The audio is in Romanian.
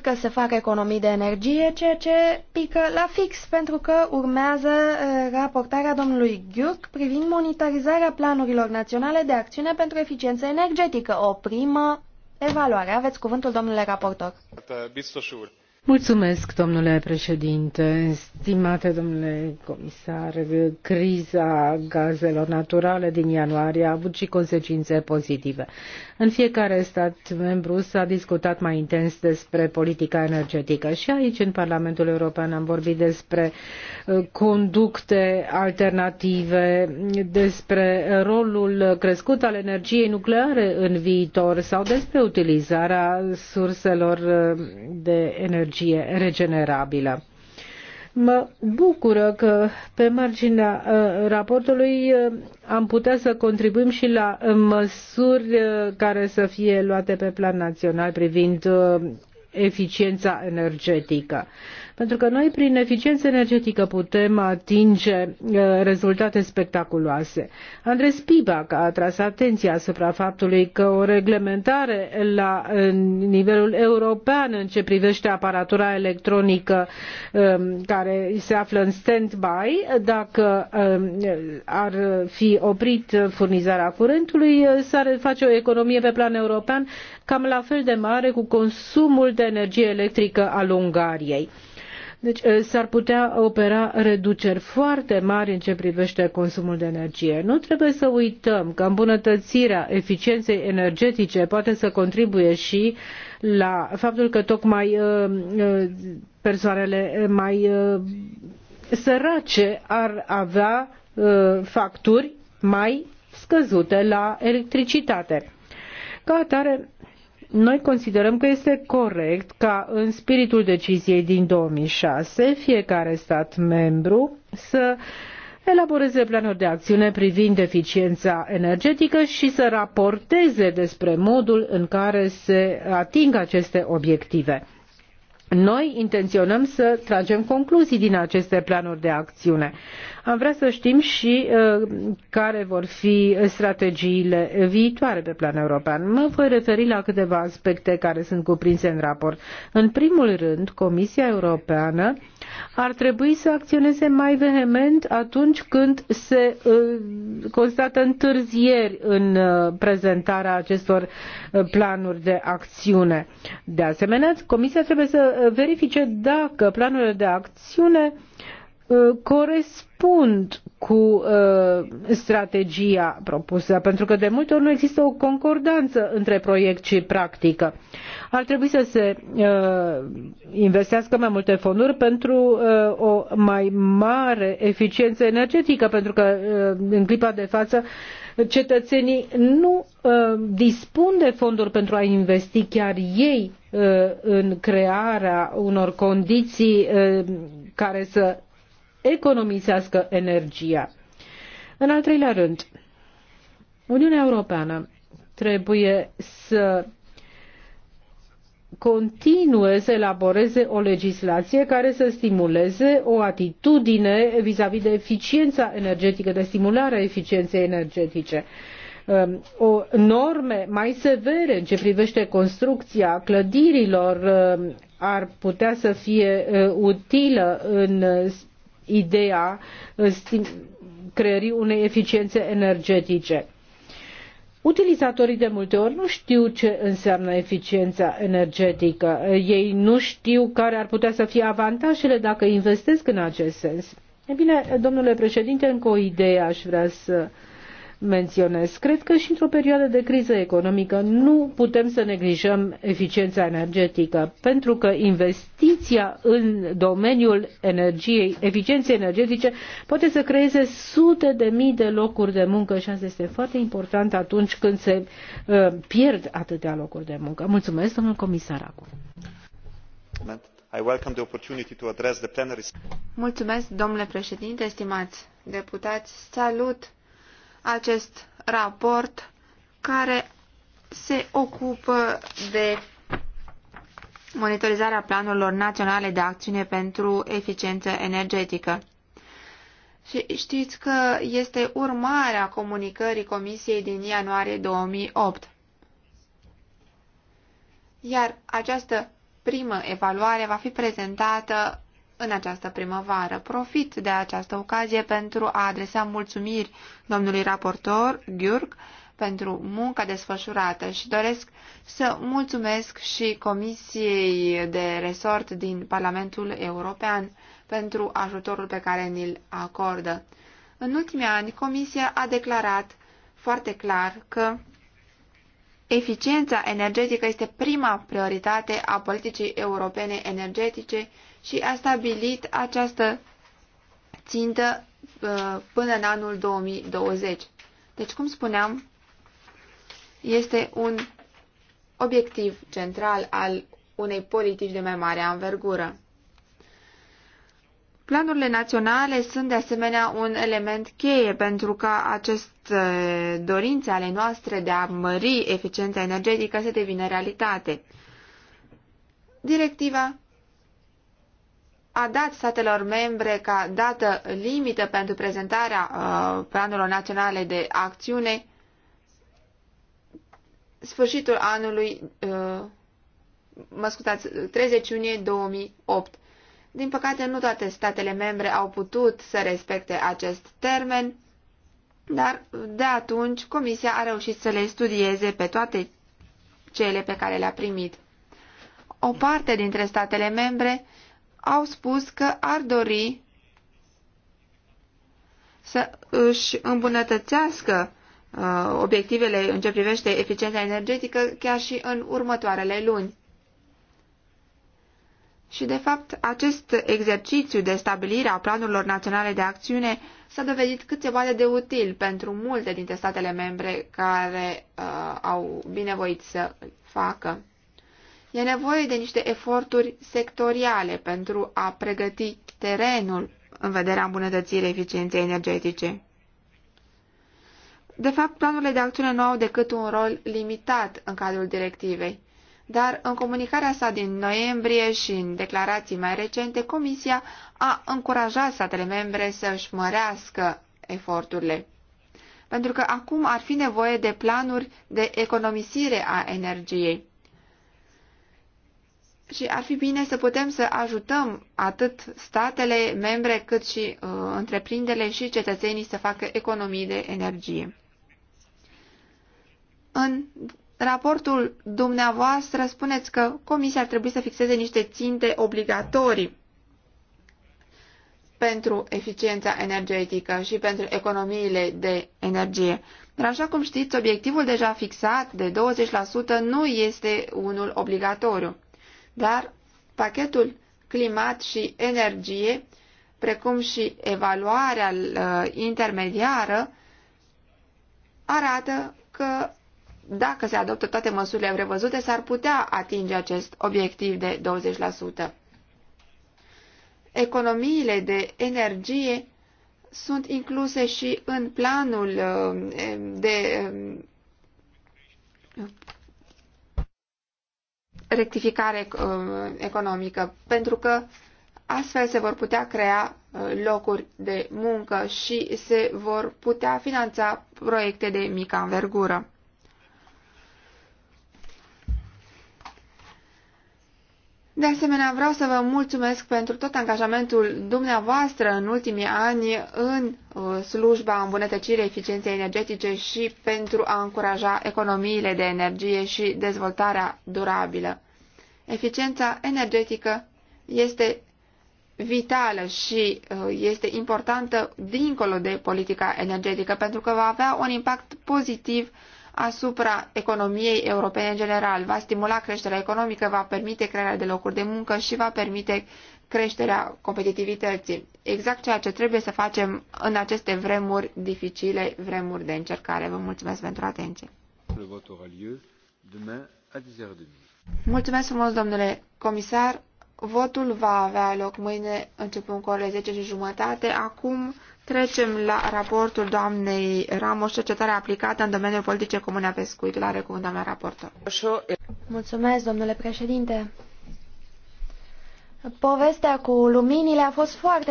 că se fac economii de energie, ceea ce pică la fix, pentru că urmează uh, raportarea domnului Ghiurc privind monitorizarea planurilor naționale de acțiune pentru eficiență energetică, o primă evaluare. Aveți cuvântul, domnule raportor. Bistoșuri. Mulțumesc, domnule președinte, stimate domnule comisar. Criza gazelor naturale din ianuarie a avut și consecințe pozitive. În fiecare stat membru s-a discutat mai intens despre politica energetică și aici, în Parlamentul European, am vorbit despre uh, conducte alternative, despre rolul crescut al energiei nucleare în viitor sau despre utilizarea surselor uh, de energie energie regenerabilă. Mă bucură că pe marginea uh, raportului uh, am putea să contribuim și la uh, măsuri care să fie luate pe plan național privind eficiența energetică. Pentru că noi prin eficiență energetică putem atinge uh, rezultate spectaculoase. Andres Pibac a atras atenția asupra faptului că o reglementare la uh, nivelul european în ce privește aparatura electronică um, care se află în stand-by, dacă um, ar fi oprit furnizarea curentului, uh, s-ar face o economie pe plan european cam la fel de mare cu consumul de energie electrică al Ungariei. Deci eh, s-ar putea opera reduceri foarte mari în ce privește consumul de energie. Nu trebuie să uităm că îmbunătățirea eficienței energetice poate să contribuie și la faptul că tocmai eh, eh, persoanele mai sărace ar avea facturi mai scăzute la electricitate. Ca atare, noi considerăm că este corect ca în spiritul deciziei din 2006 fiecare stat membru să elaboreze planuri de acțiune privind eficiența energetică și să raporteze despre modul în care se ating aceste obiective. Noi intenționăm să tragem concluzii din aceste planuri de acțiune. Am vrea să știm și uh, care vor fi strategiile viitoare pe plan european. Mă voi referi la câteva aspecte care sunt cuprinse în raport. În primul rând, Comisia Europeană ar trebui să acționeze mai vehement atunci când se uh, constată întârzieri în uh, prezentarea acestor planuri de acțiune. De asemenea, Comisia trebuie să verifice dacă planurile de acțiune corespund corespund cu uh, strategia propusă, pentru că de multe ori nu există o concordanță între proiect și practică. Ar trebui să se uh, investească mai multe fonduri pentru uh, o mai mare eficiență energetică, pentru că uh, în clipa de față cetățenii nu uh, dispun de fonduri pentru a investi chiar ei uh, în crearea unor condiții uh, care să economisească energia. În al treilea rând, Uniunea Europeană trebuie să continue să elaboreze o legislație care să stimuleze o atitudine vis-a-vis -vis de eficiența energetică, de stimularea eficienței energetice. Um, o norme mai severe în ce privește construcția clădirilor um, ar putea să fie uh, utilă în ideea creării unei eficiențe energetice. Utilizatorii de multe ori nu știu ce înseamnă eficiența energetică. Ei nu știu care ar putea să fie avantajele dacă investesc în acest sens. E bine, domnule președinte, încă o idee aș vrea să uh, menționez. Cred că și într-o perioadă de criză economică nu putem să neglijăm eficiența energetică, pentru că investiția în domeniul energiei, eficienței energetice, poate să creeze sute de mii de locuri de muncă și asta este foarte important atunci când se uh, pierd atâtea locuri de muncă. Mulțumesc, domnul comisar, acum. I welcome the opportunity to address the plenary. Mulțumesc, domnule președinte, estimați deputați. Salut acest raport care se ocupă de monitorizarea planurilor naționale de acțiune pentru eficiență energetică. Și știți că este urmarea comunicării Comisiei din ianuarie 2008. Iar această primă evaluare va fi prezentată în această primăvară. Profit de această ocazie pentru a adresa mulțumiri domnului raportor Gheorg pentru munca desfășurată și doresc să mulțumesc și Comisiei de Resort din Parlamentul European pentru ajutorul pe care ni-l acordă. În ultimii ani, Comisia a declarat foarte clar că Eficiența energetică este prima prioritate a politicii europene energetice și a stabilit această țintă uh, până în anul 2020. Deci, cum spuneam, este un obiectiv central al unei politici de mai mare anvergură. Planurile naționale sunt de asemenea un element cheie pentru ca aceste dorințe ale noastre de a mări eficiența energetică să devină realitate. Directiva a dat statelor membre ca dată limită pentru prezentarea uh, planurilor naționale de acțiune sfârșitul anului, uh, mă scutați, 30 iunie 2008 din păcate, nu toate statele membre au putut să respecte acest termen, dar de atunci Comisia a reușit să le studieze pe toate cele pe care le-a primit. O parte dintre statele membre au spus că ar dori să își îmbunătățească uh, obiectivele în ce privește eficiența energetică chiar și în următoarele luni. Și, de fapt, acest exercițiu de stabilire a planurilor naționale de acțiune s-a dovedit cât se poate de util pentru multe dintre statele membre care uh, au binevoit să facă. E nevoie de niște eforturi sectoriale pentru a pregăti terenul în vederea îmbunătățirii eficienței energetice. De fapt, planurile de acțiune nu au decât un rol limitat în cadrul directivei dar în comunicarea sa din noiembrie și în declarații mai recente, Comisia a încurajat statele membre să își mărească eforturile. Pentru că acum ar fi nevoie de planuri de economisire a energiei. Și ar fi bine să putem să ajutăm atât statele membre cât și uh, întreprinderile și cetățenii să facă economii de energie. În în raportul dumneavoastră spuneți că Comisia ar trebui să fixeze niște ținte obligatorii pentru eficiența energetică și pentru economiile de energie. Dar așa cum știți, obiectivul deja fixat de 20% nu este unul obligatoriu. Dar pachetul climat și energie, precum și evaluarea uh, intermediară, arată că dacă se adoptă toate măsurile prevăzute, s-ar putea atinge acest obiectiv de 20%. Economiile de energie sunt incluse și în planul uh, de uh, rectificare uh, economică, pentru că astfel se vor putea crea locuri de muncă și se vor putea finanța proiecte de mică anvergură. De asemenea, vreau să vă mulțumesc pentru tot angajamentul dumneavoastră în ultimii ani în uh, slujba îmbunătăcirii eficienței energetice și pentru a încuraja economiile de energie și dezvoltarea durabilă. Eficiența energetică este vitală și uh, este importantă dincolo de politica energetică pentru că va avea un impact pozitiv asupra economiei europene în general. Va stimula creșterea economică, va permite crearea de locuri de muncă și va permite creșterea competitivității. Exact ceea ce trebuie să facem în aceste vremuri dificile, vremuri de încercare. Vă mulțumesc pentru atenție. Mulțumesc frumos, domnule comisar. Votul va avea loc mâine, începând cu orele 10 și jumătate. Acum trecem la raportul doamnei Ramos, cercetarea aplicată în domeniul politice comune a pescuitului. Are cuvânt doamna raportor. Mulțumesc, domnule președinte. Povestea cu luminile a fost foarte